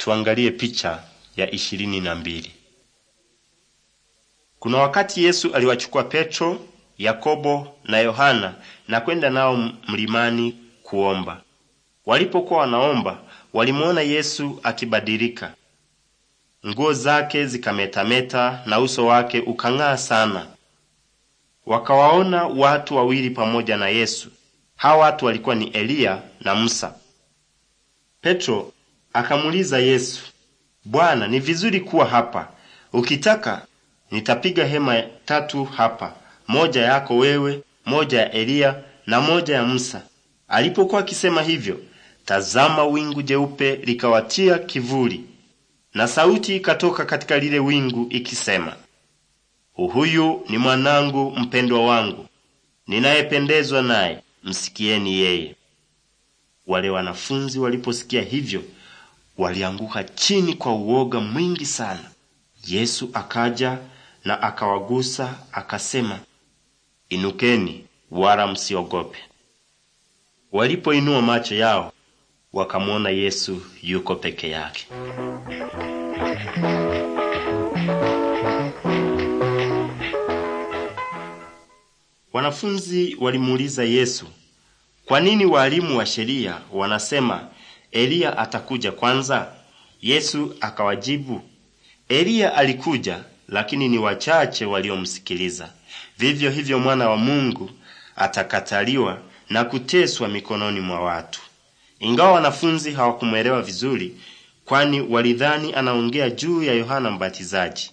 Tuangalie picha ya ishirini na mbili. Kuna wakati Yesu aliwachukua Petro, Yakobo na Yohana na kwenda nao mlimani kuomba. Walipokuwa wanaomba, walimuona Yesu akibadilika. Nguo zake zikametameta na uso wake ukang'aa sana. Wakawaona watu wawili pamoja na Yesu. Hawa watu walikuwa ni Eliya na Musa. Petro Akamuuliza Yesu, Bwana, ni vizuri kuwa hapa. Ukitaka nitapiga hema tatu hapa, moja yako wewe, moja ya Eliya na moja ya Musa. Alipokuwa akisema hivyo, tazama, wingu jeupe likawatia kivuli, na sauti ikatoka katika lile wingu ikisema, huyu ni mwanangu mpendwa wangu, ninayependezwa naye, msikieni yeye. Wale wanafunzi waliposikia hivyo walianguka chini kwa uoga mwingi sana. Yesu akaja na akawagusa akasema, Inukeni wala msiogope. Walipoinua macho yao wakamwona Yesu yuko peke yake. Wanafunzi walimuuliza Yesu, kwa nini walimu wa sheria wanasema Eliya atakuja kwanza? Yesu akawajibu, Eliya alikuja, lakini ni wachache waliomsikiliza. Vivyo hivyo mwana wa Mungu atakataliwa na kuteswa mikononi mwa watu. Ingawa wanafunzi hawakumwelewa vizuri, kwani walidhani anaongea juu ya Yohana Mbatizaji.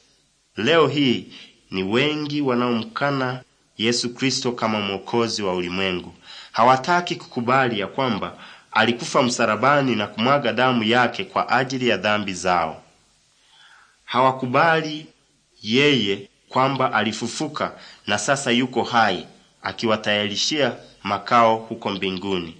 Leo hii ni wengi wanaomkana Yesu Kristo kama mwokozi wa ulimwengu. Hawataki kukubali ya kwamba alikufa msalabani na kumwaga damu yake kwa ajili ya dhambi zao. Hawakubali yeye kwamba alifufuka na sasa yuko hai akiwatayarishia makao huko mbinguni.